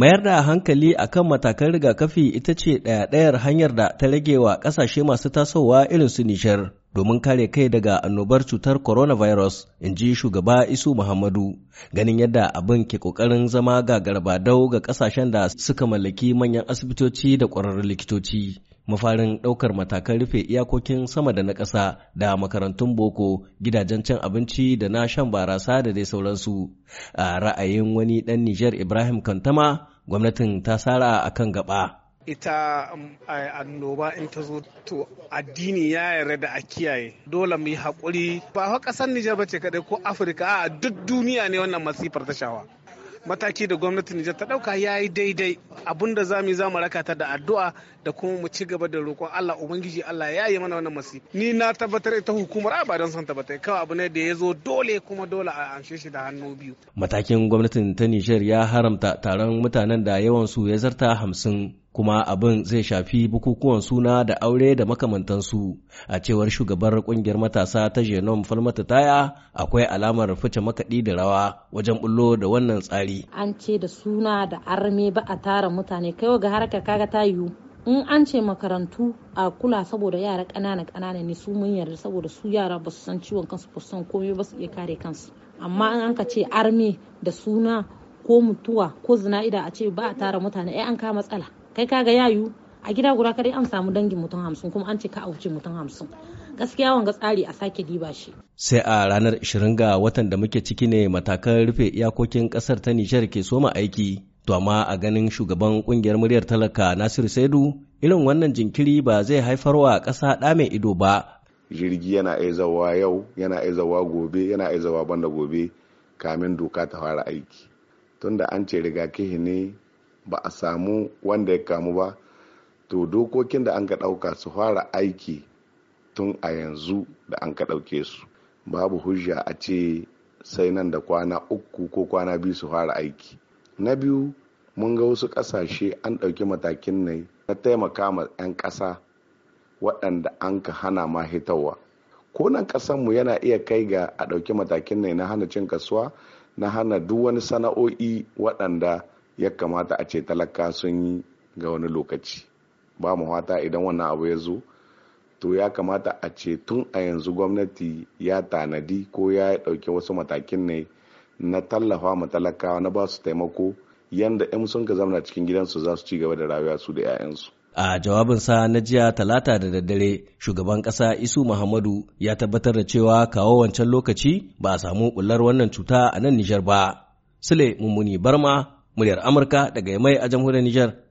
mayar da hankali a kan matakan rigakafi ita ce ɗaya-ɗayar hanyar da ta rage wa ƙasashe masu tasowa irin su nishar domin kare kai daga annobar cutar coronavirus, in ji shugaba Isu Muhammadu, ganin yadda abin ke ƙoƙarin zama dau ga ƙasashen da suka mallaki manyan asibitoci da ƙwararrun likitoci. mafarin ɗaukar matakan rufe iyakokin sama da na ƙasa da makarantun boko gidajen cin abinci da na shan barasa da dai sauransu a ra'ayin wani ɗan nijar ibrahim kantama gwamnatin ta sara a kan gaba. Ita um, annoba in ta zo to addini ya yarda da a kiyaye dole mu yi haƙuri ba wa ƙasar Nijar ba ce kaɗai ko Afirka a duk duniya ne wannan masifar ta shawa. mataki da gwamnatin Nijar ta dauka yi daidai abinda da yi zamu raka ta da addu'a da kuma mu ci gaba da roƙon Allah ubangiji Allah ya yi mana wannan masifa ni na tabbatar ita hukumar Aba don son tabbatar kawai abu ne da ya zo dole kuma dole a amshe shi da hannu biyu matakin gwamnatin ta Nijar ya haramta taron mutanen da yawan su ya zarta hamsin kuma abin zai shafi bukukuwan suna da aure da makamantansu a cewar shugabar kungiyar matasa ta genome falmata taya akwai alamar fice makaɗi da rawa wajen bullo da wannan tsari an ce da suna da arme ba a tara mutane kai ga harka kaga ta yiwu in an ce makarantu a kula saboda yara ƙanana ƙanana ne su mun yarda saboda su yara ba su san ciwon kansu ba su san komai ba su iya kare kansu amma in an ka ce arme da suna ko mutuwa ko zina'ida a ce ba a tara mutane ai an ka matsala kai ka ga yayu a gida guda kadai an samu dangin mutum hamsin kuma an ce ka wuce mutum hamsin gaskiya wanga tsari a sake diba shi sai a ranar 20 ga watan da muke ciki ne matakan rufe iyakokin kasar ta nijar ke soma aiki to amma a ganin shugaban kungiyar muryar talaka nasiru saidu irin wannan jinkiri ba zai haifar wa ƙasa ɗa mai ido ba jirgi yana aizawa yau yana aizawa gobe yana aizawa banda gobe kamin doka ta fara aiki tunda an ce rigakafi ne ba a samu wanda ya kamu ba to dokokin da an ka ɗauka su fara aiki tun a yanzu da an ka ɗauke su babu hujja a ce sai nan da kwana uku ko kwana biyu su fara aiki na biyu mun ga wasu ƙasashe an ɗauki matakin ne na taimaka ma 'yan ƙasa waɗanda an ka hana ma hitawa ko nan ƙasanmu yana iya kai ga a ɗauki matakin ne na hana cin kasuwa na hana duk wani sana'o'i waɗanda ya kamata a ce talaka sun yi ga wani lokaci ba mu fata idan wannan abu ya zo to ya kamata a ce tun a yanzu gwamnati ya tanadi ko ya ɗauki wasu matakin ne na tallafa ma talaka na ba su taimako yanda 'yan sun ka zamana cikin gidansu za su ci gaba da rayuwa su da 'ya'yansu A jawabinsa na jiya talata da daddare, shugaban ƙasa Isu Muhammadu ya tabbatar da cewa kawo wancan lokaci ba a samu ɓullar wannan cuta a nan Nijar ba. Sule Mummuni Barma, muryar Amurka daga mai a jamhuriyar Nijar.